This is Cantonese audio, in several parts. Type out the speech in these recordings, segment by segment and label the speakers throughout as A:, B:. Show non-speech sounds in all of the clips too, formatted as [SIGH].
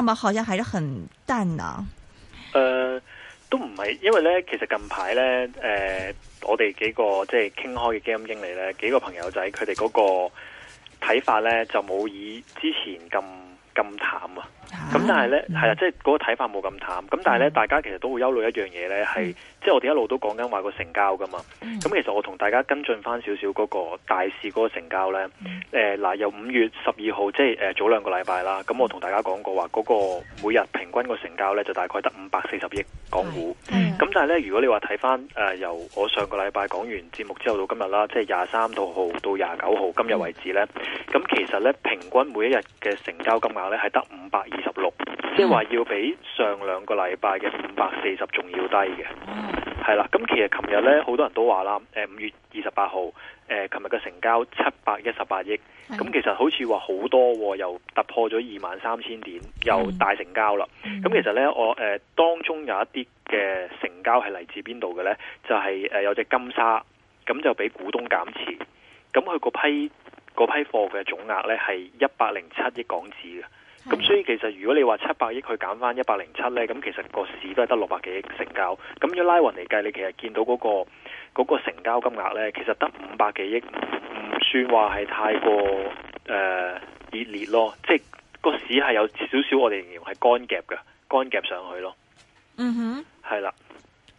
A: 話好像還是很淡啊。
B: 誒、呃，都唔係，因為呢，其實近排呢，誒、呃，我哋幾個即係傾開嘅基金經理呢幾個朋友仔，佢哋嗰個睇法呢，就冇以之前咁咁淡啊。咁但係咧，係啊，即係嗰個睇法冇咁淡。咁但係咧、嗯，大家其實都會憂慮一樣嘢咧，係即係我哋一路都講緊話個成交噶嘛。咁、嗯、其實我同大家跟進翻少少嗰個大市嗰個成交咧，誒、嗯、嗱、呃，由五月十二號即係早兩個禮拜啦。咁我同大家講過話嗰個每日平均個成交咧，就大概得五百四十億港股。咁、嗯、但係咧，如果你話睇翻誒由我上個禮拜講完節目之後到今日啦，即係廿三號到廿九號今日為止咧，咁其實咧平均每一日嘅成交金額咧係得五百二十六，即係話要比上兩個禮拜嘅五百四十仲要低嘅，係、嗯、啦。咁其實琴日咧好多人都話啦，誒、呃、五月二十八號，誒琴日嘅成交七百一十八億，咁其實好似話好多、哦，又突破咗二萬三千點，又大成交啦。咁、嗯、其實咧，我誒、呃、當中有一啲嘅成交係嚟自邊度嘅?咧，就係、是、誒、呃、有隻金沙，咁就俾股東減持，咁佢嗰批嗰批貨嘅總額咧係一百零七億港紙嘅。咁 [MUSIC] 所以其實如果你話七百億去減翻一百零七呢，咁其實個市都係得六百幾億成交。咁要拉勻嚟計，你其實見到嗰、嗰個嗰個成交金額呢，其實得五百幾億，唔算話係太過誒、呃、熱烈咯。即係個市係有少少我哋形容係乾夾嘅，乾夾上去咯。嗯哼。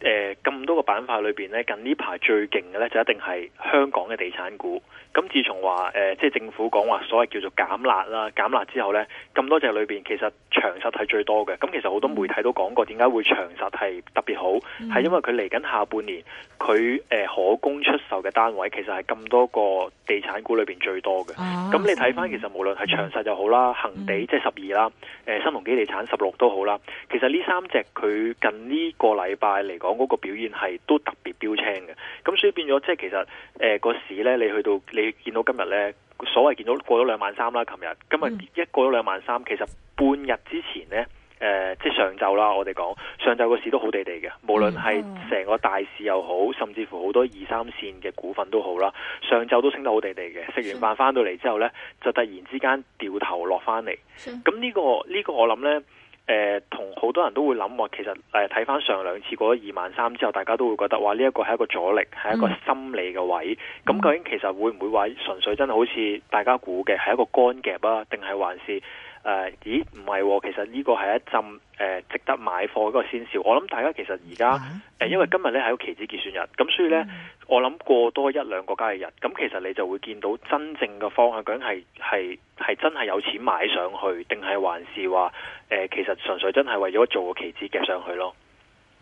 B: 誒、呃、咁多個板塊裏面呢，近呢近呢排最勁嘅呢就一定係香港嘅地產股。咁自從話即係政府講話所謂叫做減辣啦，減辣之後呢，咁多隻裏面其實長實係最多嘅。咁其實好多媒體都講過點解會長實係特別好，係、嗯、因為佢嚟緊下半年佢、呃、可供出售嘅單位其實係咁多個地產股裏面最多嘅。咁、啊、你睇返、嗯、其實無論係長實又好、嗯、行就啦，恒地即係十二啦，新鴻基地產十六都好啦，其實呢三隻佢近呢個禮拜嚟講，講、那、嗰個表現係都特別標青嘅，咁所以變咗即係其實誒、呃那個市咧，你去到你見到今日咧，所謂見到過咗兩萬三啦，琴日今日一過咗兩萬三，其實半日之前咧誒、呃、即係上晝啦，我哋講上晝個市都好地地嘅，無論係成個大市又好，甚至乎好多二三綫嘅股份都好啦，上晝都升得好地地嘅，食完飯翻到嚟之後咧，就突然之間掉頭落翻嚟，咁呢、這個呢、這個我諗咧。誒、呃，同好多人都會諗話、哦，其實睇翻、呃、上兩次嗰二萬三之後，大家都會覺得哇，呢、這、一個係一個阻力，係一個心理嘅位。咁、嗯、究竟其實會唔會話純粹真係好似大家估嘅，係一個干夾啊？定係還是？誒、呃，咦，唔係、哦，其實呢個係一陣誒、呃，值得買貨嗰個先兆。我諗大家其實而家誒，因為今日咧係個期指結算日，咁所以咧、嗯，我諗過多一兩個交易日，咁其實你就會見到真正嘅方向究竟係係係真係有錢買上去，定係還是話誒、呃，其實純粹真係為咗做個期指夾上去咯。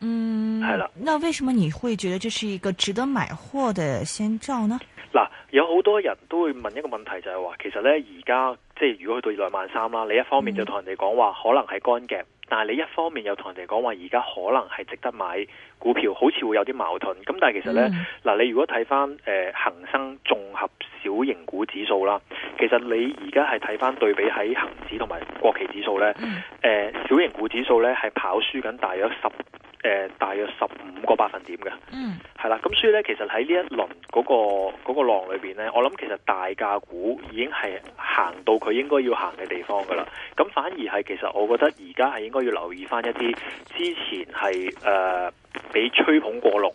B: 嗯，
A: 係啦。那為什麼你會覺得這是一個值得買貨嘅先兆呢？
B: 嗱、呃，有好多人都會問一個問題，就係、是、話，其實咧而家。即係如果去到兩萬三啦，你一方面就同人哋講話可能係乾嘅，但係你一方面又同人哋講話而家可能係值得買股票，好似會有啲矛盾。咁但係其實呢，嗱、嗯、你如果睇翻誒恒生綜合小型股指數啦，其實你而家係睇翻對比喺恒指同埋國企指數呢、嗯呃，小型股指數呢係跑輸緊大約十誒，大約十五個百分點嘅，嗯，係啦，咁所以咧，其實喺、那個那個，呢一輪嗰個個浪裏邊咧，我諗其實大價股已經係行到佢應該要行嘅地方噶啦，咁反而係其實我覺得而家係應該要留意返一啲之前係誒俾吹捧過龍，誒、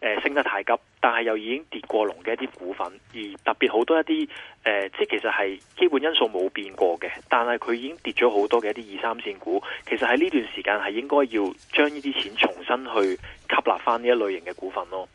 B: 呃、升得太急。但係又已經跌過龍嘅一啲股份，而特別好多一啲誒、呃，即係其實係基本因素冇變過嘅，但係佢已經跌咗好多嘅一啲二三線股。其實喺呢段時間係應該要將呢啲錢重新去吸納翻呢一類型嘅股份咯。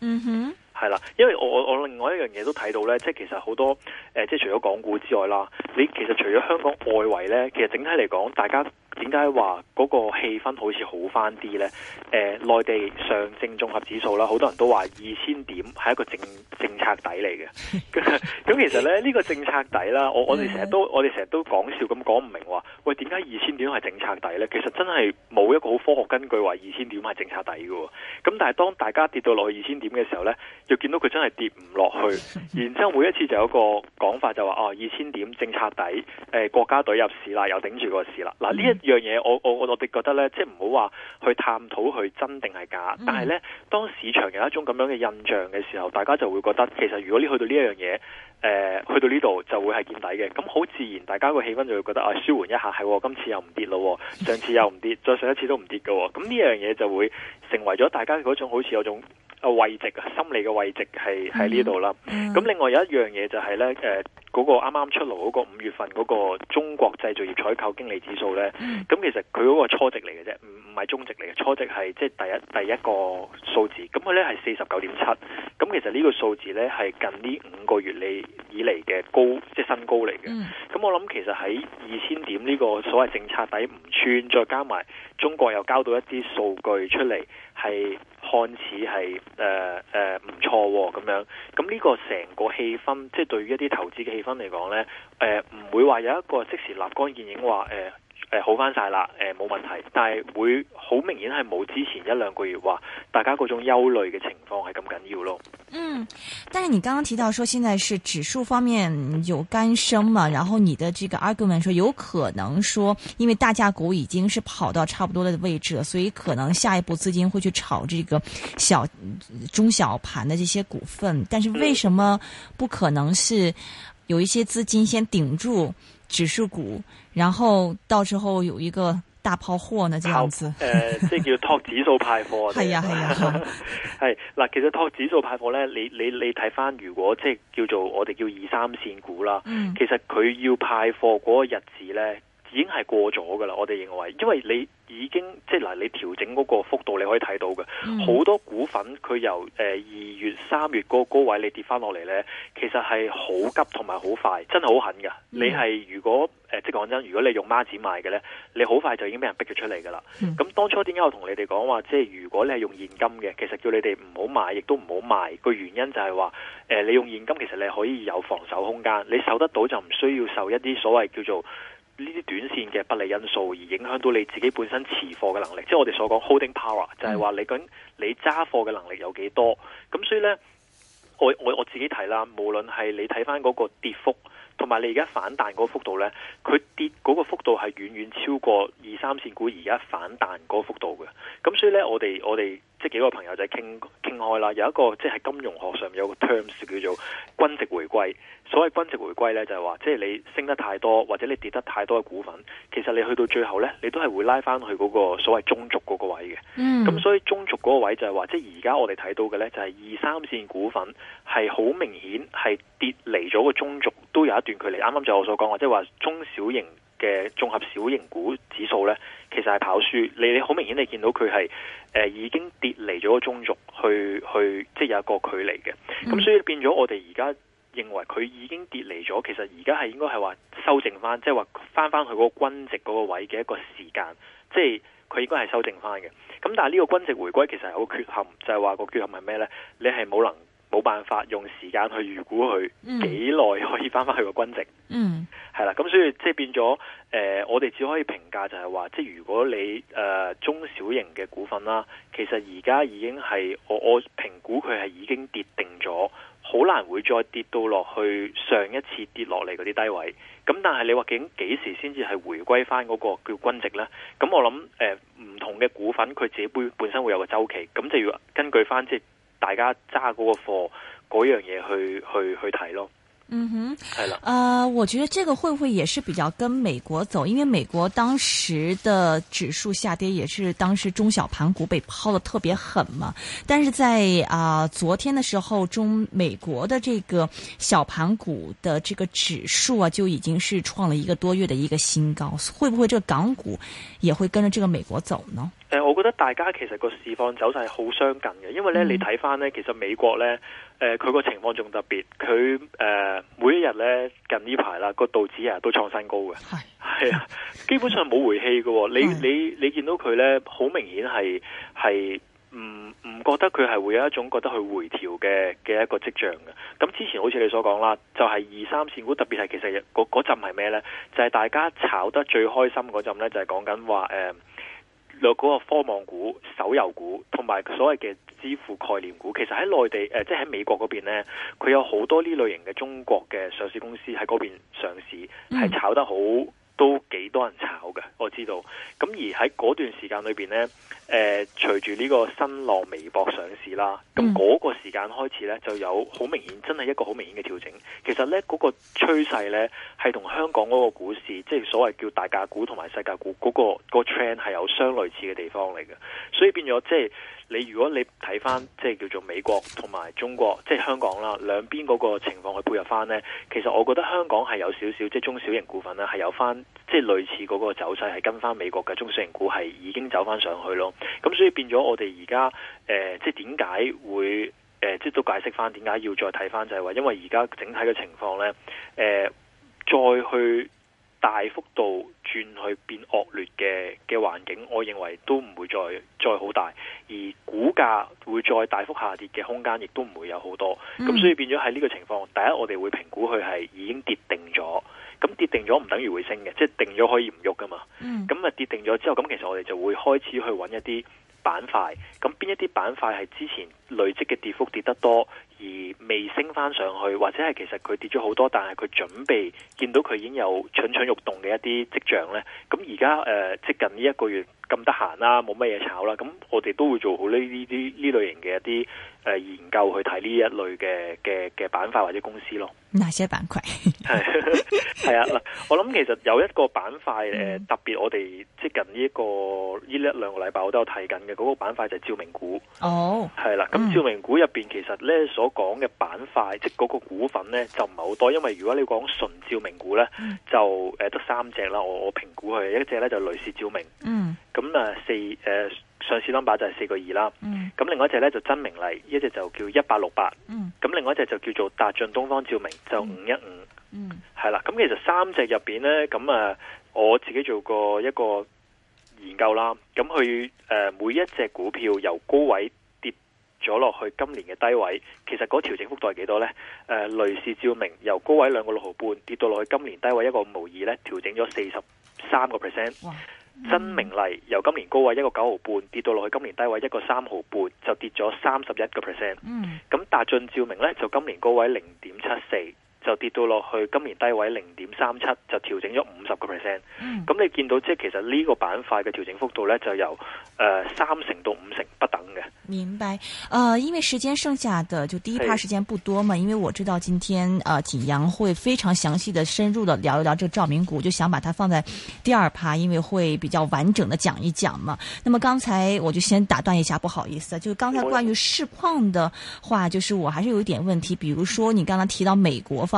B: 嗯哼，係啦，因為我我另外一樣嘢都睇到咧，即係其實好多誒、呃，即係除咗港股之外啦，你其實除咗香港外圍咧，其實整體嚟講，大家點解話嗰個氣氛好似好翻啲呢？誒、呃，內地上證綜合指數啦，好多人都話二千點係一個政政策底嚟嘅。咁 [LAUGHS] [LAUGHS] 其實咧呢個政策底啦，我我哋成日都我哋成日都講笑咁講唔明話，喂，點解二千點係政策底呢？其實真係冇一個好科學根據話二千點係政策底嘅。咁但係當大家跌到落去二千點嘅時候呢，就見到佢真係跌唔落去， [LAUGHS] 然之後每一次就有一個講法就話哦，二千點政策底，誒、呃、國家隊入市啦，又頂住個市啦。嗱，呢一 [LAUGHS] 樣嘢我我我哋覺得呢，即係唔好話去探討佢真定係假，但係呢，當市場有一種咁樣嘅印象嘅時候，大家就會覺得其實如果你去到呢一樣嘢，誒、呃、去到呢度就會係見底嘅。咁好自然，大家個氣氛就會覺得啊，舒緩一下，係喎、哦，今次又唔跌咯、哦，上次又唔跌， [LAUGHS] 再上一次都唔跌嘅、哦。咁呢樣嘢就會成為咗大家嗰種好似有種啊慰藉心理嘅慰藉，係喺呢度啦。咁 [LAUGHS] 另外有一樣嘢就係、是、呢。誒、呃。嗰、個啱啱出爐嗰個五月份嗰個中國製造業採購經理指數咧，咁其實佢嗰個初值嚟嘅啫，唔唔係終值嚟嘅，初值係即係第一第一個數字。咁佢咧係四十九點七，咁其實呢個數字咧係近呢五個月嚟以嚟嘅高，即係新高嚟嘅。咁我諗其實喺二千點呢個所謂政策底唔穿，再加埋中國又交到一啲數據出嚟，係看似係誒誒唔錯咁樣。咁呢個成個氣氛，即係對於一啲投資嘅氣氛。嚟講咧，誒唔會話有一個即時立竿見影話，誒誒好翻晒啦，誒冇問題，但係會好明顯係冇之前一兩個月話，大家嗰種憂慮嘅情況係咁緊要咯。嗯，
A: 但是你剛剛提到說，現在是指數方面有干升嘛，然後你的這個 argument 說，有可能說，因為大價股已經是跑到差不多的位置，所以可能下一步資金會去炒這個小中小盤的這些股份，但是為什麼不可能是？有一些資金先頂住指數股，然後到時候有一個大拋貨呢，這樣子。誒，
B: 呃、 [LAUGHS] 即係叫托指數派貨。係啊係啊，係嗱， [LAUGHS] 其實托指數派貨咧，你你你睇翻，如果即係叫做我哋叫二三線股啦，嗯，其實佢要派貨嗰個日子咧。已經係過咗噶啦，我哋認為，因為你已經即係嗱，就是、你調整嗰個幅度，你可以睇到嘅好、嗯、多股份，佢由誒二月、三月個高位，你跌翻落嚟呢，其實係好急同埋好快，真係好狠噶。嗯、你係如果、呃、即係講真，如果你用孖展買嘅呢，你好快就已經俾人逼咗出嚟噶啦。咁、嗯、當初點解我同你哋講話，即、就、係、是、如果你係用現金嘅，其實叫你哋唔好買，亦都唔好賣。個原因就係話，誒、呃，你用現金其實你可以有防守空間，你守得到就唔需要受一啲所謂叫做。呢啲短線嘅不利因素而影響到你自己本身持貨嘅能力，即係我哋所講 holding power，就係話你究竟你揸貨嘅能力有幾多？咁所以呢，我我我自己睇啦，無論係你睇翻嗰個跌幅，同埋你而家反彈嗰幅度呢，佢跌嗰個幅度係遠遠超過二三線股而家反彈嗰幅度嘅。咁所以呢，我哋我哋。即係幾個朋友就傾傾開啦，有一個即係金融學上面有個 terms 叫做均值回歸。所謂均值回歸咧，就係、是、話即係你升得太多或者你跌得太多嘅股份，其實你去到最後咧，你都係會拉翻去嗰個所謂中軸嗰個位嘅。咁、嗯、所以中軸嗰個位就係話，即係而家我哋睇到嘅咧，就係、是、二三線股份係好明顯係跌離咗個中軸，都有一段距離。啱啱就我所講話，即係話中小型。嘅綜合小型股指數咧，其實係跑輸你，你好明顯你見到佢係、呃、已經跌離咗個中軸去，去去即係有一個距離嘅。咁、嗯、所以變咗，我哋而家認為佢已經跌離咗，其實而家係應該係話修正翻，即係話翻翻佢嗰個均值嗰個位嘅一個時間，即係佢應該係修正翻嘅。咁但係呢個均值回歸其實係好缺陷，就係、是、話個缺陷係咩咧？你係冇能。冇辦法用時間去預估佢幾耐可以翻翻去個均值。嗯、mm.，係啦，咁所以即係變咗誒、呃，我哋只可以評價就係話，即係如果你誒、呃、中小型嘅股份啦、啊，其實而家已經係我我評估佢係已經跌定咗，好難會再跌到落去上一次跌落嚟嗰啲低位。咁但係你究竟幾時先至係回歸翻嗰個叫均值呢？咁我諗誒、唔同嘅股份，佢自己本身會有個周期，咁就要根據翻、就、即、係大家揸嗰個貨嗰樣嘢去去去睇咯。嗯哼，
A: 係啦。啊、呃，我覺得這個會不會也是比較跟美國走？因為美國當時的指數下跌，也是當時中小盤股被拋得特別狠嘛。但是在啊、呃，昨天的時候，中美國的這個小盤股的這個指數啊，就已經是創了一個多月的一個新高。會不會這個港股也會跟着這個美國走呢？呃
B: 我覺得大家其實個市況走勢係好相近嘅，因為咧、嗯、你睇翻咧，其實美國咧，誒佢個情況仲特別，佢誒、呃、每一日咧，近呢排啦，個道指啊都創新高嘅，係，係啊，基本上冇回氣㗎、哦、你你你見到佢咧，好明顯係係唔唔覺得佢係會有一種覺得佢回調嘅嘅一個跡象嘅。咁之前好似你所講啦，就係、是、二三線股，特別係其實嗰陣係咩咧，就係、是、大家炒得最開心嗰陣咧，就係講緊話誒。呃落、那、嗰個科網股、手遊股同埋所謂嘅支付概念股，其實喺內地誒，即、呃、喺、就是、美國嗰邊咧，佢有好多呢類型嘅中國嘅上市公司喺嗰邊上市，係炒得好。都幾多人炒嘅，我知道。咁而喺嗰段時間裏邊呢，誒、呃、隨住呢個新浪微博上市啦，咁嗰個時間開始呢，就有好明顯，真係一個好明顯嘅調整。其實呢，嗰、那個趨勢呢，係同香港嗰個股市，即、就、係、是、所謂叫大價股同埋細價股嗰、那個個趨勢係有相類似嘅地方嚟嘅，所以變咗即係。就是你如果你睇翻即係叫做美國同埋中國即係香港啦，兩邊嗰個情況去配合翻呢。其實我覺得香港係有少少即係中小型股份呢係有翻即係類似嗰個走勢，係跟翻美國嘅中小型股係已經走翻上去咯。咁所以變咗我哋而家呃、即係點解會、呃、即係都解釋翻點解要再睇翻就係話，因為而家整體嘅情況呢，呃、再去。大幅度轉去變惡劣嘅嘅環境，我認為都唔會再再好大，而股價會再大幅下跌嘅空間亦都唔會有好多，咁所以變咗喺呢個情況，第一我哋會評估佢係已經跌定咗，咁跌定咗唔等於會升嘅，即係定咗可以唔喐㗎嘛，咁啊跌定咗之後，咁其實我哋就會開始去揾一啲。板塊咁邊一啲板塊係之前累積嘅跌幅跌得多，而未升翻上去，或者係其實佢跌咗好多，但係佢準備見到佢已經有蠢蠢欲動嘅一啲跡象咧。咁而家誒即近呢一個月。咁得閒啦，冇乜嘢炒啦，咁我哋都會做好呢啲啲呢類型嘅一啲、呃、研究去睇呢一類嘅嘅嘅板塊或者公司咯。
A: 哪些板塊？
B: 係係啊，嗱，我諗其實有一個板塊、嗯、特別，我哋接近呢、這、一個呢一兩個禮拜我都有睇緊嘅，嗰、那個板塊就係照明股。哦，係啦，咁照明股入面其實咧、嗯、所講嘅板塊，即、就、嗰、是、個股份咧就唔係好多，因為如果你講純照明股咧、嗯，就得三隻啦。我我評估佢一隻咧就雷士照明。嗯。咁啊，四、呃、誒上市 number 就係四個二啦。咁、嗯、另外一隻咧就真明麗，一隻就叫一八六八。咁另外一隻就叫做達進東方照明，就五一五。係啦，咁其實三隻入邊呢，咁啊、呃，我自己做過一個研究啦。咁佢誒每一隻股票由高位跌咗落去今年嘅低位，其實嗰調整幅度係幾多呢？誒、呃，雷士照明由高位兩個六毫半跌到落去今年低位一個五毫二咧，調整咗四十三個 percent。嗯、真明麗由今年高位一個九毫半跌到落去今年低位一個三毫半，就跌咗三十一個 percent。咁、嗯、達進照明咧就今年高位零點七四，就跌到落去，今年低位零點三七就調整咗五十個 percent。咁你見到即係其實呢個板塊嘅調整幅度咧，就由誒、呃、三成到五成不等嘅。
A: 明白，誒、呃，因為時間剩下的就第一 part 時間不多嘛，因為我知道今天誒、呃、景羊會非常詳細的深入的聊一聊這個照明股，就想把它放在第二 part，因為會比較完整的講一講嘛。那麼剛才我就先打斷一下，不好意思、啊，就剛才關於市況的話，就是我還是有一點問題，嗯、比如說你剛才提到美國方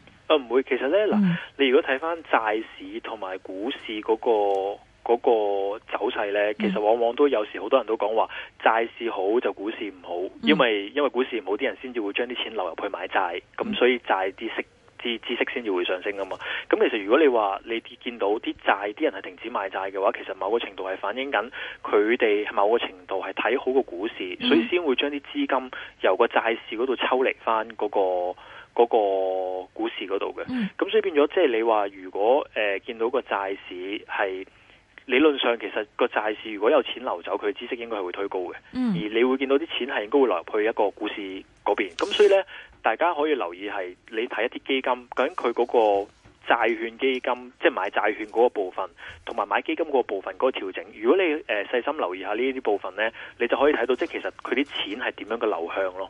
B: 啊，唔會，其實呢，嗱、嗯，你如果睇翻債市同埋股市嗰、嗰個嗰個走勢呢、嗯，其實往往都有時好多人都講話債市好就股市唔好，嗯，因為因為股市唔好，啲人先至會將啲錢流入去買債，咁、嗯、所以債啲息資資息先至會上升啊嘛。咁其實如果你話你見到啲債啲人係停止買債嘅話，其實某個程度係反映緊佢哋某個程度係睇好個股市，嗯、所以先會將啲資金由個債市嗰度抽離翻、嗰、嗰個。嗰、那個股市嗰度嘅，咁所以變咗，即係你話如果誒、呃、見到個債市係理論上，其實個債市如果有錢流走，佢孳息應該係會推高嘅、嗯，而你會見到啲錢係應該會流入去一個股市嗰邊。咁所以呢，大家可以留意係你睇一啲基金，究竟佢嗰個債券基金，即、就、係、是、買債券嗰個部分，同埋買基金嗰個部分嗰個調整。如果你誒細、呃、心留意一下呢啲部分呢，你就可以睇到，即係其實佢啲錢係點樣嘅流向咯。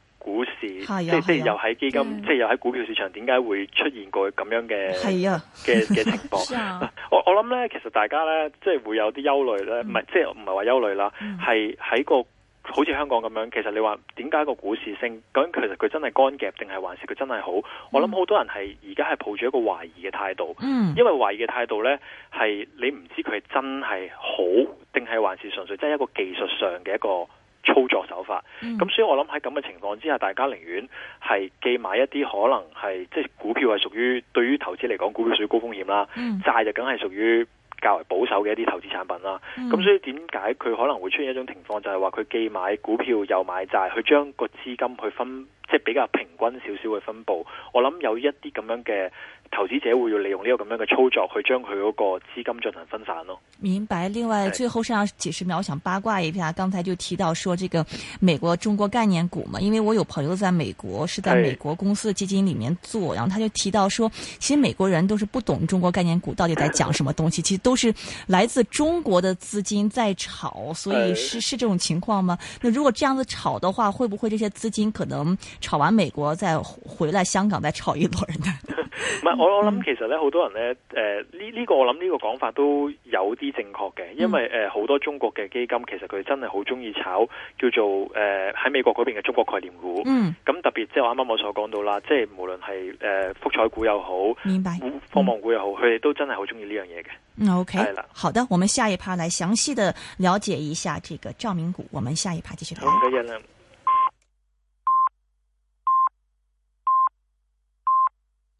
B: 股市是、啊、即即又喺基金，是啊、即係又喺股票市場，點解、啊、會出現過咁樣嘅嘅嘅情況？ [LAUGHS] 我我諗呢，其實大家呢，即係會有啲憂慮呢，唔、嗯、係即唔係話憂慮啦，係、嗯、喺個好似香港咁樣，其實你話點解個股市升咁，究竟其實佢真係乾夾定係還是佢真係好？嗯、我諗好多人係而家係抱住一個懷疑嘅態度、嗯，因為懷疑嘅態度呢，係你唔知佢係真係好定係還是純粹即係一個技術上嘅一個。操作手法，咁所以我諗喺咁嘅情況之下，嗯、大家寧願係既買一啲可能係即係股票係屬於對於投資嚟講，股票屬於高風險啦，債、嗯、就梗係屬於較為保守嘅一啲投資產品啦。咁、嗯、所以點解佢可能會出現一種情況就係話，佢既買股票又買債，佢將個資金去分，即、就、係、是、比較平均少少嘅分布。我諗有一啲咁樣嘅。投資者會要利用呢個咁樣嘅操作去將佢嗰個資金進行分散咯、哦。
A: 明白。另外，是最後剩下幾十秒，我想八卦一下。剛才就提到說，這個美國中國概念股嘛，因為我有朋友在美國，是在美國公司的基金裏面做，然後他就提到說，其實美國人都是不懂中國概念股到底在講什麼東西， [LAUGHS] 其實都是來自中國的資金在炒，所以是是，是這種情況嗎？那如果這樣子炒的話，會不會這些資金可能炒完美國再回來香港再炒一輪呢？ [LAUGHS]
B: 不是 [LAUGHS] 我我諗其實咧，好多人咧，誒、呃，呢、這、呢個我諗呢個講法都有啲正確嘅，因為誒好、呃、多中國嘅基金其實佢真係好中意炒叫做誒喺、呃、美國嗰邊嘅中國概念股。嗯，咁特別即係我啱啱我所講到啦，即係無論係誒福彩股又好，明白，科網股又好，佢哋都真係好中意呢樣嘢嘅。
A: OK 係啦，好的，我們下一 part 嚟詳細的了解一下這個照明股，我們下一
C: part 繼續排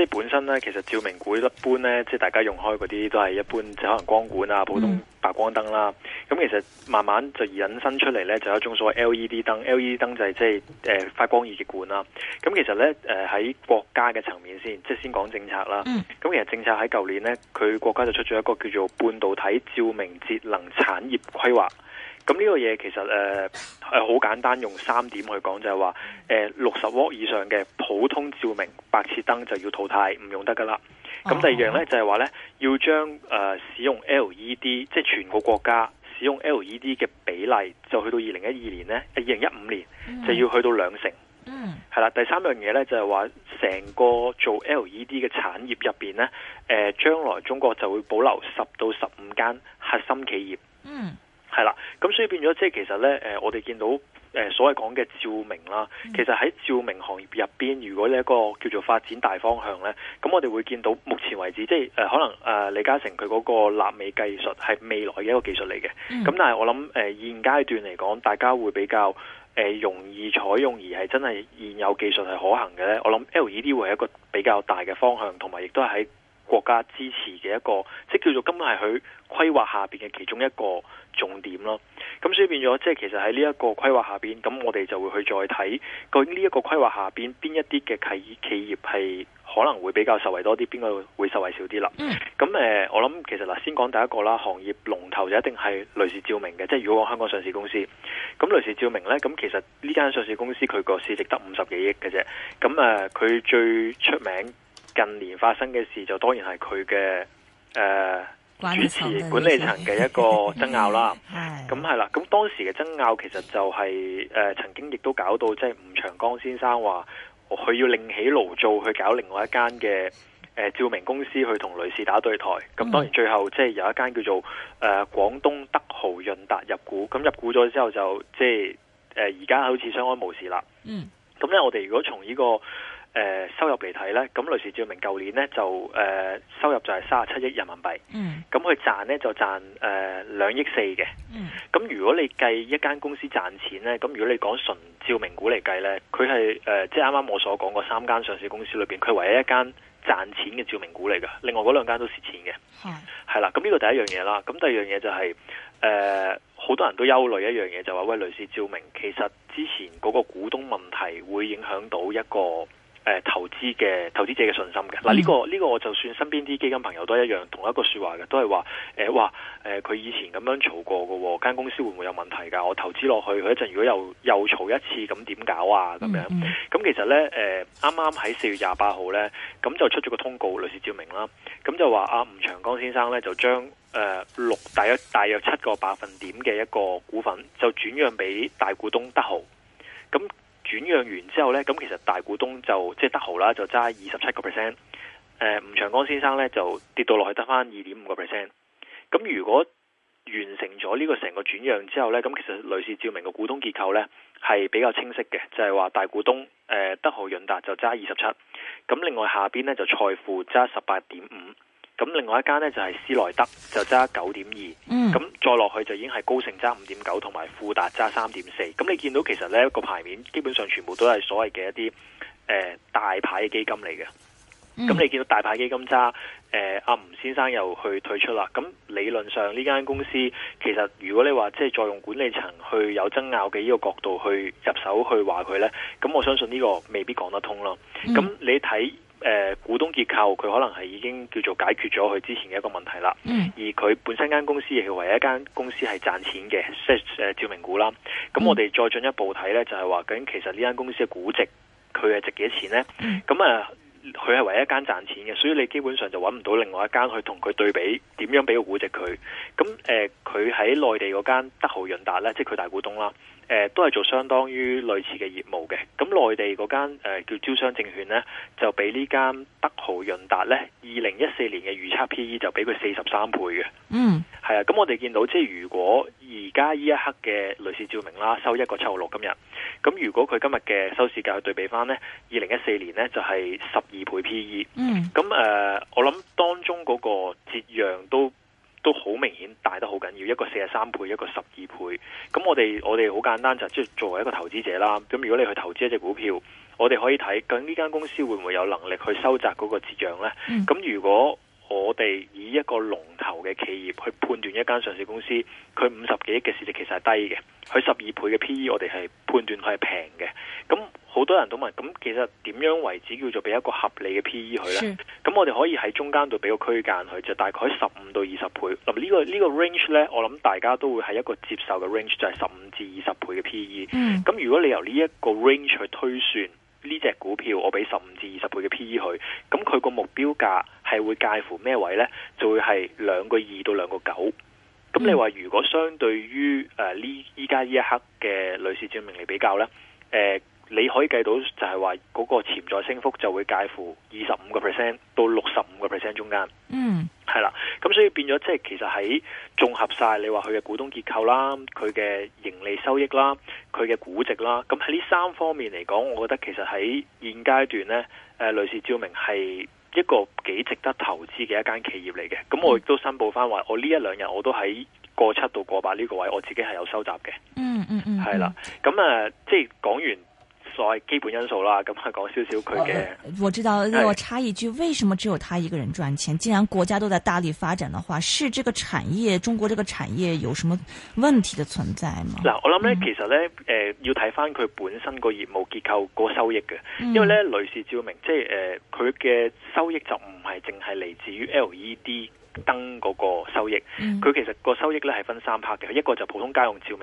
B: 即係本身咧，其實照明股一般咧，即係大家用開嗰啲都係一般，就可能光管啊、普通白光燈啦。咁、mm. 嗯、其實慢慢就引申出嚟咧，就有一種所謂 LED 燈。LED 燈就係即係發光二極管啦、啊。咁、嗯、其實咧誒喺國家嘅層面先，即係先講政策啦。咁、mm. 嗯、其實政策喺舊年咧，佢國家就出咗一個叫做《半導體照明節能產業規劃》。咁呢個嘢其實誒係好簡單，用三點去講就係話誒六十瓦以上嘅普通照明白熾燈就要淘汰，唔用得噶啦。咁第二樣咧就係話咧要將誒、呃、使用 LED，即係全個國家使用 LED 嘅比例，就去到二零一二年咧，二零一五年就要去到兩成。嗯，係啦。第三樣嘢咧就係話成個做 LED 嘅產業入邊咧，誒、呃、將來中國就會保留十到十五間核心企業。嗯、mm-hmm. 係啦，咁所以變咗即係其實咧，誒，我哋見到誒所謂講嘅照明啦，其實喺照、照明行業入邊，如果一個叫做發展大方向咧，咁我哋會見到目前為止，即係誒可能誒李嘉誠佢嗰個納米技術係未來嘅一個技術嚟嘅，咁但係我諗誒現階段嚟講，大家會比較誒容易採用而係真係現有技術係可行嘅咧，我諗 LED 會係一個比較大嘅方向，同埋亦都係喺。國家支持嘅一個，即叫做根本係佢規劃下邊嘅其中一個重點咯。咁所以變咗，即係其實喺呢一個規劃下邊，咁我哋就會去再睇，究竟呢一個規劃下邊，邊一啲嘅企企業係可能會比較受惠多啲，邊個會受惠少啲啦。咁、嗯、誒，我諗其實嗱，先講第一個啦，行業龍頭就一定係雷士照明嘅，即係如果講香港上市公司。咁雷士照明呢，咁其實呢間上市公司佢個市值得五十幾億嘅啫。咁誒，佢最出名。近年發生嘅事就當然係佢嘅、誒，
D: 主持管理層嘅一個爭拗啦。
B: 咁係啦，咁當時嘅爭拗其實就係、是、誒、呃，曾經亦都搞到即係吳長江先生話佢要另起爐灶去搞另外一間嘅、誒照明公司去同雷士打對台。咁、嗯、當然最後即係有一間叫做誒廣、呃、東德豪潤達入股。咁入股咗之後就即係誒而家好似相安無事啦。嗯，咁咧我哋如果從呢、這個誒、呃，收入嚟睇咧，咁雷士照明舊年咧就誒、呃、收入就係三十七億人民幣。Mm. 嗯，咁佢賺咧就賺誒兩億四嘅。嗯、呃，咁、mm. 如果你計一間公司賺錢咧，咁如果你講純照明股嚟計咧，佢係誒即係啱啱我所講嗰三間上市公司裏邊，佢唯一一間賺錢嘅照明股嚟噶。另外嗰兩間都蝕錢嘅。係係啦，咁呢個第一樣嘢啦。咁第二樣嘢就係誒好多人都憂慮一樣嘢，就話喂，雷士照明其實之前嗰個股東問題會影響到一個。誒，投資嘅投資者嘅信心嘅嗱，呢、啊，這個呢、這個我就算身邊啲基金朋友都一樣，同一個說話嘅，都係話誒，哇、呃，誒，佢、呃呃、以前咁樣炒過嘅，間公司會唔會有問題噶？我投資落去，佢一陣如果又又炒一次，咁點搞啊？咁樣咁、嗯嗯嗯、其實咧，誒、呃，啱啱喺四月廿八號咧，咁就出咗個通告，類似照明啦，咁就話阿吳長江先生咧就將誒六大約大約七個百分點嘅一個股份就轉讓俾大股東德豪，咁。轉讓完之後呢，咁其實大股東就即係德豪啦，就揸二十七個 percent。誒，吳長江先生呢，就跌到落去得返二點五個 percent。咁如果完成咗呢個成個轉讓之後呢，咁其實雷士照明嘅股東結構呢，係比較清晰嘅，就係、是、話大股東誒、呃、德豪潤達就揸二十七，咁另外下邊呢，就賽富揸十八點五。咁另外一間呢，就係施羅德就揸九點二，咁再落去就已經係高盛揸五點九，同埋富達揸三點四。咁你見到其實呢一個牌面，基本上全部都係所謂嘅一啲、呃、大牌基金嚟嘅。
D: 咁、嗯、你見到
B: 大牌基金揸誒，阿吳先生又去退出啦。咁理論上呢間公司其實如果你話即係再用管理層去有爭拗嘅呢個角度去入手去話佢呢，咁我相信呢個未必講得通咯。咁、嗯、你睇。誒、呃、股東結構佢可能係已經叫做解決咗佢之前嘅一個問題啦、嗯，而佢本身間公司係唯一間公司係賺錢嘅，即係、呃、照明股啦。咁、嗯、我哋再進一步睇呢，就係、是、話究竟其實呢間公司嘅估值佢係值幾多錢呢？咁、嗯、啊，佢、嗯、係唯一間賺錢嘅，所以你基本上就揾唔到另外一間去同佢對比點樣俾個估值佢。咁誒，佢、呃、喺內地嗰間德豪潤達呢，即係佢大股東啦。誒都係做相當於類似嘅業務嘅，咁內地嗰間、呃、叫招商證券咧，就比呢間德豪潤達咧，二零一四年嘅預測 P E 就比佢四十三倍嘅。嗯，係啊，咁我哋見到即係如果而家依一刻嘅類似照明啦，收一個七號六今日，咁如果佢今日嘅收市價去對比翻咧，二零一四年咧就係十二倍 P E。嗯，
D: 咁誒、
B: 呃，我諗當中嗰個折讓都。都好明顯大得好緊要，一個四十三倍，一個十二倍。咁我哋我哋好簡單就即、是、係作為一個投資者啦。咁如果你去投資一隻股票，我哋可以睇究竟呢間公司會唔會有能力去收窄嗰個折讓呢？咁、嗯、如果我哋以一個龍頭嘅企業去判斷一間上市公司，佢五十幾億嘅市值其實係低嘅，佢十二倍嘅 PE 我哋係判斷佢係平嘅。咁好多人都問，咁其實點樣為之叫做俾一個合理嘅 P E 佢呢？咁我哋可以喺中間度俾個區間佢，就大概十五到二十倍。嗱、這個，呢個呢個 range 呢，我諗大家都會係一個接受嘅 range，就係十五至二十倍嘅 P E。咁、嗯、如果你由呢一個 range 去推算呢隻、這個、股票我給，我俾十五至二十倍嘅 P E 佢，咁佢個目標價係會介乎咩位呢？就會係兩個二到兩個九。
D: 咁你話
B: 如果相對於誒呢依家呢一刻嘅歷史證明嚟比較呢？誒、呃？你可以計到，就係話嗰個潛在升幅就會介乎二十五個 percent 到六十五個 percent 中間。嗯，係啦。咁所以變咗，即係其實喺綜合晒你話佢嘅股東結構啦、佢嘅盈利收益啦、佢嘅估值啦，咁喺呢三方面嚟講，我覺得其實喺現階段咧，誒、呃，雷士照明係一個幾值得投資嘅一間企業嚟嘅。咁我亦都申報翻話，我呢一兩日我都喺過七到過八呢個位，我自己係有收集嘅。
A: 嗯嗯
B: 嗯，嗯，係啦。咁啊、呃，即係講完。以基本因素啦，咁係講少少佢嘅。
A: 我知道，我插一句，為什麼只有他一個人賺錢？既然國家都在大力發展的話，是這個產業，中國這個產業有什麼問題的存在嗎？嗱，我諗咧、嗯，
B: 其實咧，誒、呃，要睇翻佢本身個業務結構個收益嘅、嗯，因為咧，雷士照明，即係誒，佢、呃、嘅收益就唔係淨係嚟自於 LED 燈嗰個收益，佢、嗯、其實個收益咧係分三 part 嘅，一個就是普通家用照明。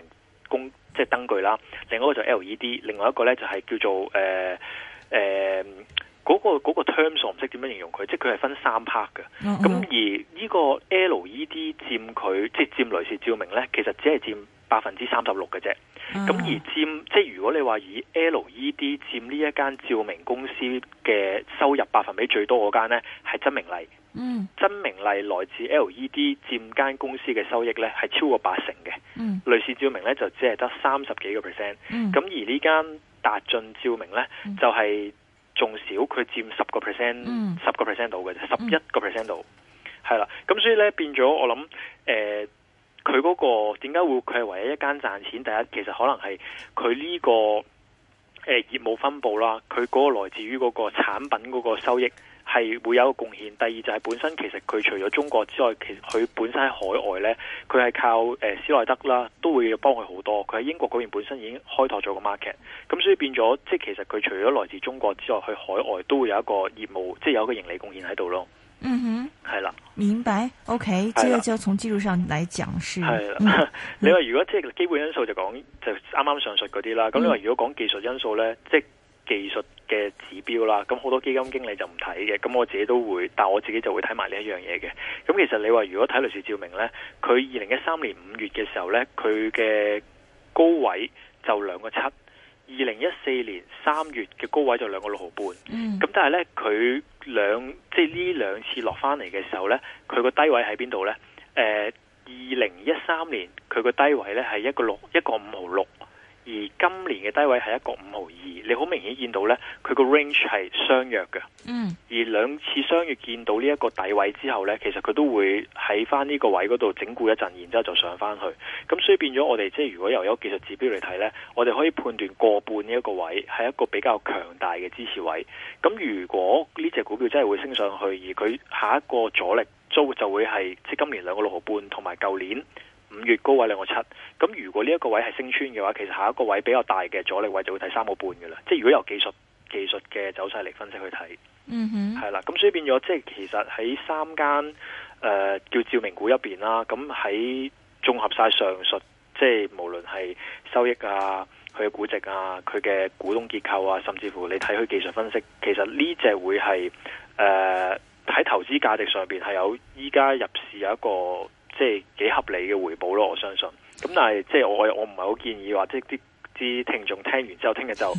B: 即係燈具啦，另，LED，另外一個就 L E D，另外一個咧就係叫做誒誒嗰個、那個 terms 我唔識點樣形容佢，即係佢係分三 part 嘅。咁、mm-hmm. 而呢個 L E D 佔佢即係佔雷士照明咧，其實只係佔百分之三十六嘅啫。咁、mm-hmm. 而佔即係如果你話以 L E D 佔呢一間照明公司嘅收入百分比最多嗰間咧，係真明麗。嗯，真明麗來自 LED 佔間公司嘅收益咧，係超過八成嘅。嗯，類似照明咧就只係得三十幾個 percent，嗯。咁而呢間達進照明咧、嗯、就係、是、仲少，佢佔十個 percent，十、嗯、個 percent 度嘅，十一個 percent 度係啦。咁所以咧變咗我諗，誒、呃，佢嗰、嗰個點解會佢係唯一一間賺錢？第一，其實可能係佢呢個誒、呃、業務分佈啦，佢嗰個來自於嗰個產品嗰個收益。係會有個貢獻。第二就係本身其實佢除咗中國之外，其實佢本身喺海外呢，佢係靠誒施耐德啦，都會幫佢好多。佢喺英國嗰邊本身已經開拓咗個 market，咁所以變咗即係其實佢除咗來自中國之外，去海外都會有一個業務，即係有一個盈利貢獻喺度咯。嗯哼，係啦，
A: 明白。OK，即係就從技術上來講，是。係啦。嗯啦嗯、
B: [LAUGHS] 你話如果即係基本因素就講就啱啱上述嗰啲啦。咁你話如果講技術因素呢？嗯、即技術嘅指標啦，咁好多基金經理就唔睇嘅，咁我自己都會，但我自己就會睇埋呢一樣嘢嘅。咁其實你話如果睇雷士照明呢，佢二零一三年五月嘅時候呢，佢嘅高位就兩個七，二零一四年三月嘅高位就兩個六毫半。咁、mm. 但係呢，佢兩即係呢兩次落返嚟嘅時候呢，佢個低位喺邊度呢？誒，二零一三年佢個低位呢，係一個六一個五毫六。而今年嘅低位係一個五毫二，你好明顯見到呢，佢個 range 係相約嘅。嗯，而兩次相約見到呢一個底位之後呢，其實佢都會喺翻呢個位嗰度整固一陣，然之後就上翻去。咁所以變咗我哋即係如果由一個技術指標嚟睇呢，我哋可以判斷過半呢一個位係一個比較強大嘅支持位。咁如果呢隻股票真係會升上去，而佢下一個阻力租就會係即係今年兩個六毫半同埋舊年。五月高位兩個七，咁如果呢一個位係升穿嘅話，其實下一個位比較大嘅阻力位就會睇三個半嘅啦。即係如果由技術技術嘅走勢嚟分析去睇，
D: 嗯哼，係
B: 啦。咁所以變咗，即係其實喺三間誒、呃、叫照明股入邊啦。咁喺綜合晒上述，即係無論係收益啊、佢嘅估值啊、佢嘅股東結構啊，甚至乎你睇佢技術分析，其實呢隻會係誒喺投資價值上邊係有依家入市有一個。即係幾合理嘅回報咯，我相信。咁但係即係我我唔係好建議話，即係啲。啲聽眾聽完之後，聽日就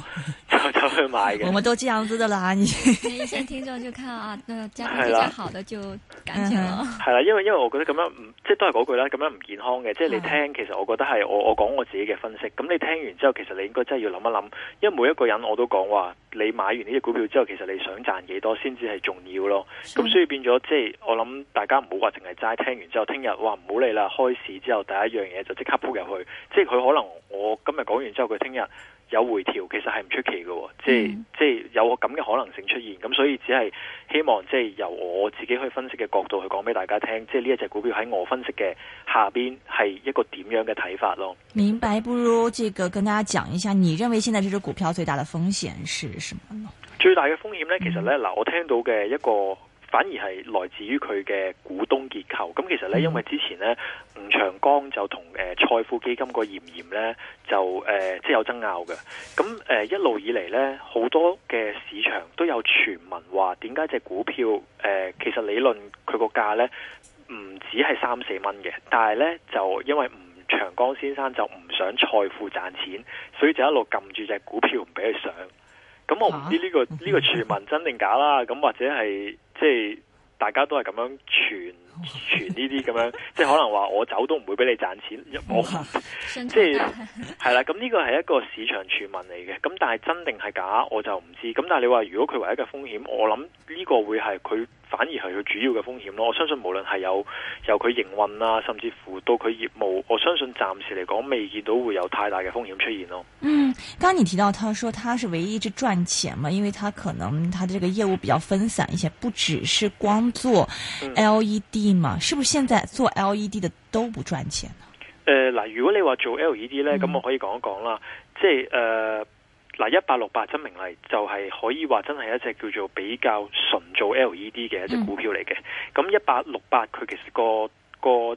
B: [LAUGHS] 就，就去買嘅。我們都這
E: 樣子的啦，你啲聽眾就看啊，那價位比較好的就跟
B: 住咯。係啦， [LAUGHS] 因為因為我覺得咁樣唔、嗯、即係都係嗰句啦，咁樣唔健康嘅。即係你聽，其實我覺得係我我講我自己嘅分析。咁你聽完之後，其實你應該真係要諗一諗。因為每一個人我都講話，你買完呢隻股票之後，其實你想賺幾多先至係重要咯。咁所以變咗即係我諗，大家唔好話淨係齋聽完之後，聽日話唔好理啦，開市之後第一樣嘢就即刻鋪入去。即係佢可能我今日講完之後。佢聽日有回調，其實係唔出奇嘅，即係、嗯、即係有咁嘅可能性出現，咁所以只係希望即係由我自己去分析嘅角度去講俾大家聽，即係呢一隻股票喺我分析嘅下邊係一個點樣嘅睇法。咯，
A: 明白，不如這個跟大家講一下，你認為現在這隻股票最大的風險是什麼
B: 呢？最大嘅風險呢、嗯，其實呢，嗱，我聽到嘅一個。反而係來自於佢嘅股東結構。咁其實咧，因為之前咧，吳長江就同誒、呃、賽富基金個嚴嚴咧，就誒即係有爭拗嘅。咁誒、呃、一路以嚟咧，好多嘅市場都有傳聞話，點解隻股票誒、呃、其實理論佢個價咧唔止係三四蚊嘅，但係咧就因為吳長江先生就唔想賽富賺錢，所以就一路撳住隻股票唔俾佢上。咁我唔知呢、這個呢、啊嗯這個傳聞真定假啦，咁或者係即係大家都係咁樣傳。傳呢啲咁樣， [LAUGHS] 即係可能話我走都唔會俾你賺錢， [LAUGHS] 我
D: [LAUGHS] 即係
B: 係啦。咁 [LAUGHS] 呢個係一個市場傳聞嚟嘅，咁但係真定係假我就唔知。咁但係你話如果佢唯一嘅風險，我諗呢個會係佢反而係佢主要嘅風險咯。我相信無論係有由佢營運啊，甚至乎到佢業務，我相信暫時嚟講未見到會有太大嘅風險出現咯。嗯，
A: 剛才你提到他說他是唯一一隻賺錢嘛，因為他可能他的這個業務比較分散一些，不只是光做 LED。嗯。是不是現在做 LED 的都不賺錢
B: 呢？誒、呃、嗱，如果你話做 LED 呢，咁、嗯、我可以講一講、呃、啦。即係誒，嗱，一八六八真明麗就係、是、可以話真係一隻叫做比較純做 LED 嘅一隻股票嚟嘅。咁一八六八佢其實個個誒、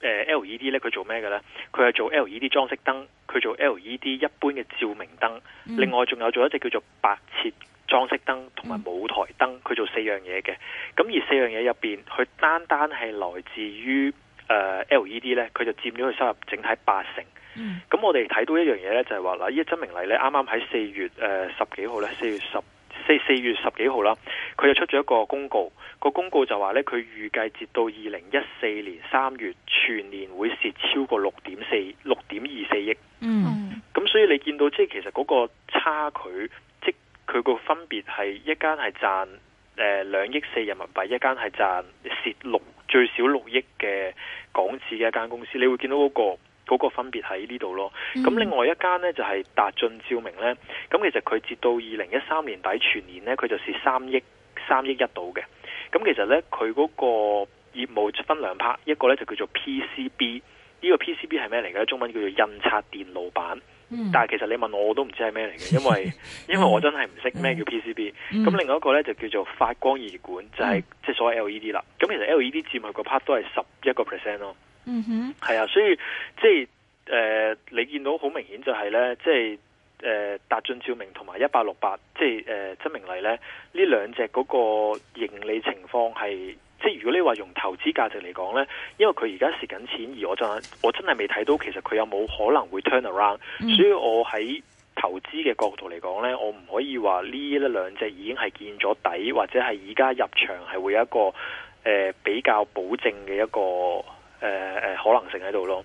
B: 呃、LED 呢，佢做咩嘅呢？佢係做 LED 裝飾燈，佢做 LED 一般嘅照明燈，嗯、另外仲有做一隻叫做白熾。裝飾燈同埋舞台燈，佢、嗯、做四樣嘢嘅。咁而四樣嘢入邊，佢單單係來自於誒、呃、LED 咧，佢就佔咗佢收入整體八成。咁、嗯、我哋睇到一樣嘢咧，就係話嗱，呢家真明麗咧，啱啱喺四月誒十幾號咧，四月十四、四月十幾號啦，佢就出咗一個公告。個公告就話咧，佢預計截到二零一四年三月全年會蝕超過六點四、六點二四億。嗯，咁所以你見到即係其實嗰個差距。佢個分別係一間係賺誒兩億四人民幣，一間係賺蝕六最少六億嘅港紙嘅一間公司，你會見到嗰、嗰個嗰個分別喺呢度咯。
C: 咁另外
B: 一間呢，就係達進照明呢。咁其實佢截到二零一三年底全年呢，佢就蝕三億三億一度嘅。咁其實呢，佢嗰個業務分兩 part，一個呢，就叫做 PCB，呢個 PCB 係咩嚟嘅？中文叫做印刷電路板。但係其實你問我，我都唔知係咩嚟嘅，因為因為我真係唔識咩叫 PCB。 [LAUGHS] 咁另外一個咧就叫做發光二極管，就係即係所謂 LED 啦。咁其實 LED 佔佢個 part 都係十一個 percent 咯。嗯哼，係啊，所以即係誒、呃，你見到好明顯就係、是、咧，即係誒達進照明同埋一八六八，即係誒真明麗咧呢兩隻嗰個盈利情況係。即係如果你話用投資價值嚟講呢，因為佢而家蝕緊錢，而我真係我真係未睇到，其實佢有冇可能會 turn around，所以我喺投資嘅角度嚟講呢，我唔可以話呢一兩隻已經係見咗底，或者係而家入場係會有一個誒、呃、比較保證嘅一個誒誒、呃、可能性喺度咯。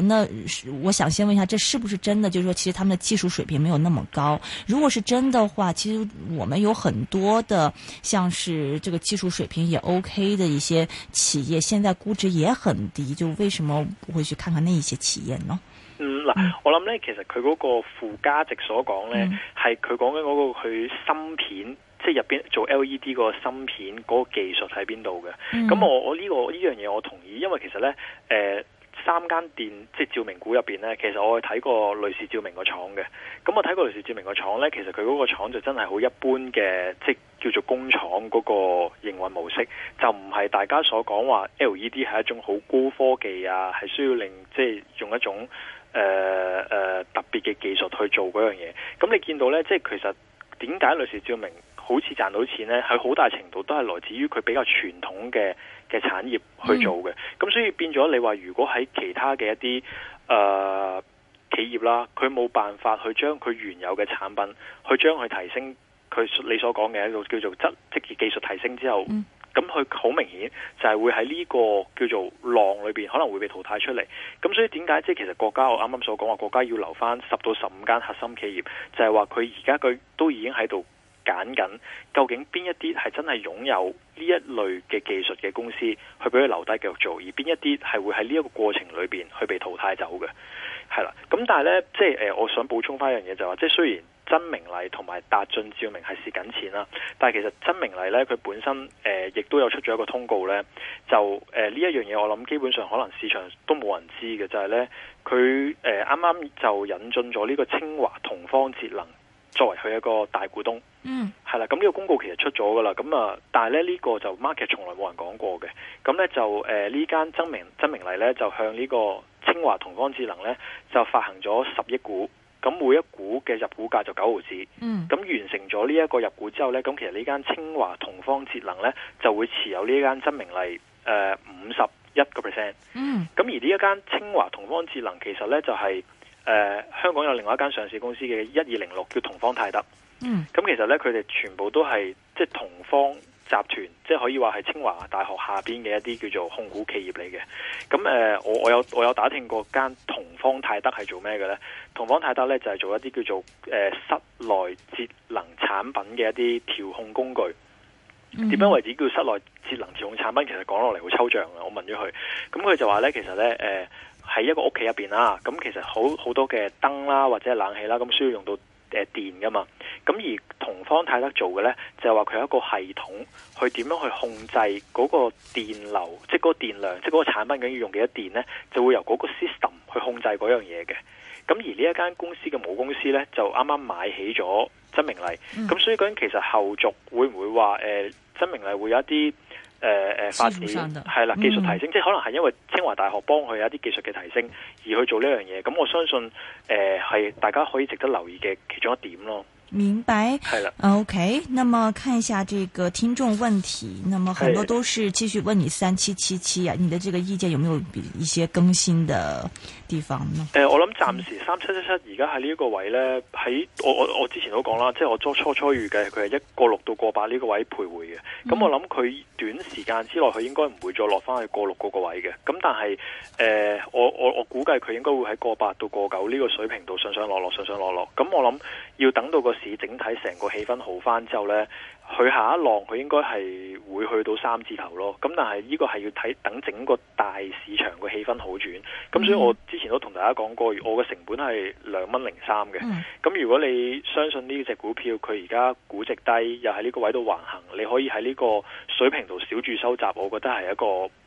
A: 那，我想先問一下，這是不是真的？就是說，其實他們的技術水平沒有那麼高。如果是真的話，其實我們有很多的，像是這個技術水平也 OK 的一些企業，現在估值也很低。就為什麼不會去看看那一些企業呢？嗯，
B: 嗱，我諗咧，其實佢嗰個附加值所講咧，係佢講緊嗰個佢芯片，即係入邊做 LED 嗰個芯片嗰、嗰個技術喺邊度嘅。咁、嗯、我我呢、呢個呢樣嘢我同意，因為其實咧，誒、呃。三間店，即照明股入邊呢，其實我睇過雷士照明個廠嘅，咁我睇過雷士照明個廠呢，其實佢嗰個廠就真係好一般嘅，即叫做工廠嗰個營運模式，就唔係大家所講話 LED 係一種好高科技啊，係需要令即用一種誒誒、呃呃、特別嘅技術去做嗰樣嘢。咁你見到呢，即其實點解雷士照明好似賺到錢呢？佢好大程度都係來自於佢比較傳統嘅。嘅產業去做嘅，咁所以變咗你話，如果喺其他嘅一啲誒、呃、企業啦，佢冇辦法去將佢原有嘅產品去將佢提升，佢你所講嘅一個叫做質職業技術提升之後，咁佢好明顯就係會喺呢個叫做浪裏邊可能會被淘汰出嚟。咁所以點解即係其實國家我啱啱所講話國家要留返十到十五間核心企業，就係話佢而家佢都已經喺度。揀緊究竟邊一啲係真係擁有呢一類嘅技術嘅公司，去俾佢留低繼續做，而邊一啲係會喺呢一個過程裏邊去被淘汰走嘅，係啦。咁但係呢，即係、呃、我想補充翻一樣嘢就話、是，即係雖然真明麗同埋達俊照明係蝕緊錢啦，但係其實真明麗呢，佢本身亦、呃、都有出咗一個通告呢。就呢、呃、一樣嘢，我諗基本上可能市場都冇人知嘅，就係、是、呢，佢啱啱就引進咗呢個清華同方節能。作為佢一個大股東，
D: 嗯，係啦，咁呢個公告
B: 其實出咗噶啦，咁啊，但係咧呢、呢個就 market 從來冇人講過嘅，咁咧就誒、呃、呢間真明真明麗咧就向呢個清華同方智能咧就發行咗十億股，咁每一股嘅入股價就九毫子，嗯，咁完成咗呢一個入股之後咧，咁其實呢間清華同方智能咧就會持有呢間真明麗誒五十一個 percent，嗯，咁而呢一間清華同方智能其實咧就係、是。誒、呃，香港有另外一間上市公司嘅一二零六叫同方泰德，mm. 嗯，咁其實咧佢哋全部都係即係同方集團，即係可以話係清華大學下邊嘅一啲叫做控股企業嚟嘅。咁、嗯、誒、呃，我我有我有打聽過間同方泰德係做咩嘅咧？同方泰德咧就係、是、做一啲叫做誒、呃、室內節能產品嘅一啲調控工具。點、mm. 樣為止叫室內節能調控產品？其實講落嚟好抽象啊！我問咗佢，咁、嗯、佢、嗯嗯、就話咧，其實咧，誒、呃。喺一個屋企入邊啦，咁其實好好多嘅燈啦，或者冷氣啦，咁需要用到誒、呃、電㗎嘛。咁而同方泰德做嘅呢，就係話佢有一個系統去點樣去控制嗰個電流，即係嗰個電量，即係嗰個產品究竟要用幾多電呢，就會由嗰個 system 去控制嗰樣嘢嘅。咁而呢一間公司嘅母公司呢，就啱啱買起咗真明麗，咁所以究竟其實後續會唔會話誒、呃、真明麗會有一啲？誒、呃、誒發展係啦，技術提升，嗯、即係可能係因為清華大學幫佢有一啲技術嘅提升而去做呢樣嘢，噉我相信誒係、呃、大家可以值得留意嘅其中一點咯。明白，
A: 係啦，OK。那麼看一下這個聽眾問題，那麼很多都是繼續問你三七七七啊，你的這個意見有沒有比一些更新的地方呢？誒、
B: 呃，我諗暫時三七七七而家喺呢一個位咧，喺我我我之前都講啦，即係我初初初預計佢係一過六到過八呢個位徘徊嘅。咁、嗯、我諗佢短時間之內佢應該唔會再落翻去過六個位嘅。咁但係誒、呃，我我我估計佢應該會喺過八到過九呢個水平度上上落落上上落落。咁我諗要等到個。整體成個氣氛好翻之後呢，佢下一浪佢應該係會去到三字頭咯。咁但係呢個係要睇等整個大市場個氣氛好轉。咁所以我之前都同大家講過，我嘅成本係兩蚊零三嘅。咁、mm-hmm. 如果你相信呢隻股票，佢而家估值低，又喺呢個位度橫行，你可以喺呢個水平度少注收集，我覺得係一個。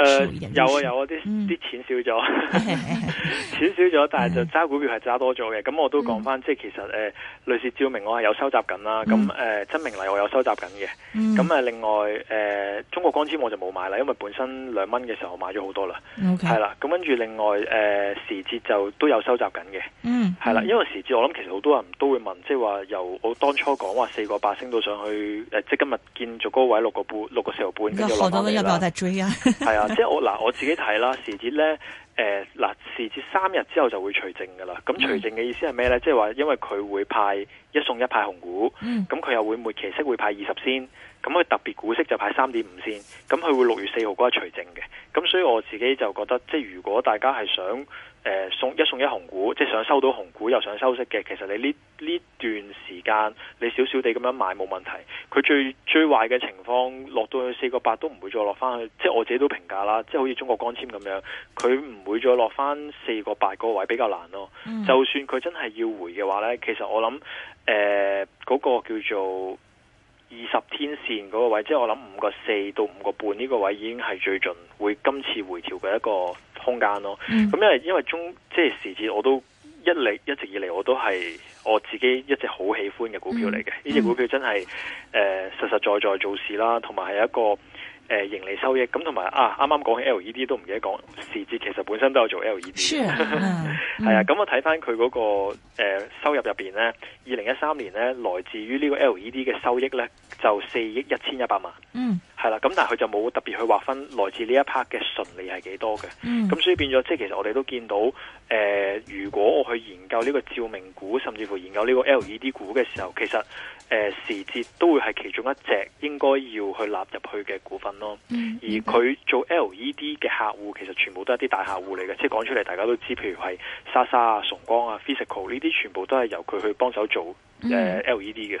B: 誒、呃，有啊有啊，啲啲、啊嗯、錢少咗，嗯、 [LAUGHS] 錢少咗，但係就揸股票係揸多咗嘅。咁、嗯、我都講翻、嗯，即係其實誒、呃，類似照明我係有收集緊啦。咁、嗯、誒、呃，真明麗我有收集緊嘅。咁、嗯、啊，另外誒、呃，中國光纖我就冇買啦，因為本身兩蚊嘅時候我買咗好多、嗯、okay，
D: 啦。係係啦。
B: 咁跟住另外誒、呃，時捷就都有收集緊嘅。嗯，
D: 係啦。因為
B: 時捷我諗其實好多人都會問，即係話由我當初講話四個八升到上去，誒、呃，即係今日見住高位六個半，六個四毫半，跟住落多追、那個、
A: 啊。
B: 係啊。 [LAUGHS] [LAUGHS] 即係我嗱，我自己睇啦，時節咧，誒、呃、嗱，時節三日之後就會除證噶啦。咁除證嘅意思係咩咧？即係話因為佢會派一送一派紅股，咁 [LAUGHS] 佢又會末期息會派二十先？咁佢特別股息就派三點五先，咁佢會六月四號嗰日除證嘅。咁所以我自己就覺得，即係如果大家係想。誒、呃、送一送一紅股，即係想收到紅股又想收息嘅，其實你呢呢段時間你少少地咁樣買冇問題。佢最最壞嘅情況落到去四個八都唔會再落翻去，即係我自己都評價啦，即係好似中國光纖咁樣，佢唔會再落翻四個八嗰個位比較難咯。嗯、就算佢真係要回嘅話呢，其實我諗誒嗰個叫做。二十天線嗰個位，即、就、係、是、我諗五個四到五個半呢個位已經係最盡會今次回調嘅一個空間咯。咁因為因為中即係時節，我都一嚟一直以嚟我都係我自己一直好喜歡嘅股票嚟嘅。呢隻股票真係誒、嗯呃、實實在在做事啦，同埋係一個。誒盈利收益咁同埋啊，啱啱講起 L E D 都唔記得講時節，其實本身都有做 L E D，係啊，咁、 [LAUGHS] 嗯、我睇翻佢嗰個、呃、收入入邊咧，二零一三年咧來自於呢個 L E D 嘅收益咧就四億一千一百萬，嗯。係啦，咁但係佢就冇特別去劃分來自呢一 part 嘅純利係幾多嘅，咁、嗯、所以變咗即係其實我哋都見到，誒、呃、如果我去研究呢個照明股，甚至乎研究呢個 LED 股嘅時候，其實誒、呃、時捷都會係其中一隻應該要去納入去嘅股份咯。嗯嗯、而佢做 LED 嘅客戶，其實全部都係啲大客戶嚟嘅，即係講出嚟大家都知，譬如係莎莎啊、崇光啊、Physical 呢啲，全部都係由佢去幫手做誒、呃嗯、LED 嘅。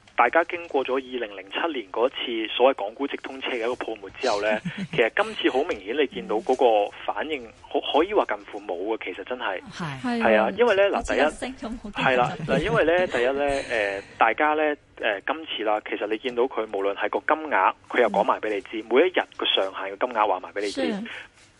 B: 大家經過咗二零零七年嗰次所謂港股直通車嘅一個泡沫之後呢， [LAUGHS] 其實今次好明顯你見到嗰個反應，可可以話近乎冇嘅，其實真係係 [LAUGHS] 啊，因為呢，嗱，第一係啦嗱，因為呢，第一呢，大家呢，呃，今次啦，其實你見到佢無論係個金額，佢又講埋俾你知， [LAUGHS] 每一日個上限嘅金額話埋俾你知。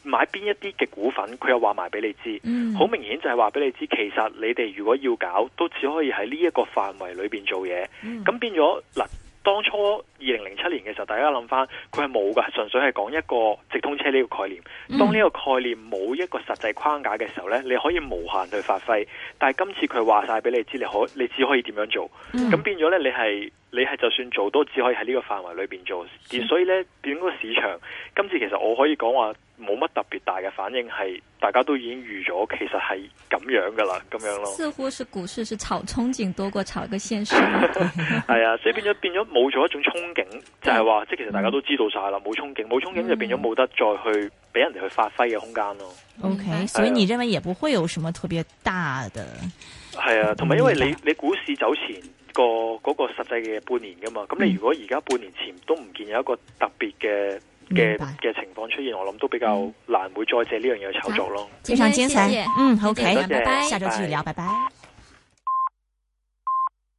B: 買邊一啲嘅股份，佢又話埋俾你知，好、嗯、明顯就係話俾你知，其實你哋如果要搞，都只可以喺呢一個範圍裏邊做嘢。咁、嗯、變咗嗱，當初二零零七年嘅時候，大家諗翻，佢係冇噶，純粹係講一個直通車呢個概念。當呢個概念冇一個實際框架嘅時候呢，你可以無限去發揮。但係今次，佢話晒俾你知，你可你只可以點樣做。咁、嗯、變咗呢，你係。你係就算做都只可以喺呢個範圍裏邊做，而所以呢變個市場今次其實我可以講話冇乜特別大嘅反應，係大家都已經預咗，其實係咁樣㗎喇，咁樣咯。似
E: 乎是股市是炒憧憬多過炒個現實。
B: 係 [LAUGHS] [LAUGHS] [LAUGHS] 啊，所以變咗變咗冇咗一種憧憬，就係、是、話即係其實大家都知道晒啦，冇、嗯、憧憬，冇憧憬就變咗冇得再去俾人哋去發揮嘅空間咯。
E: OK，、啊、所以
B: 你
A: 認為也不會有什麼特別大的。
B: 係啊，同埋因為你你股市走前個嗰個實際嘅半年㗎嘛，咁你如果而家半年前都唔見有一個特別嘅嘅嘅情況出現，我諗都比較難會再借呢樣嘢去炒作咯。非常精彩，
A: 嗯，好、okay, k、嗯、拜拜，下周繼續聊，拜拜。拜拜。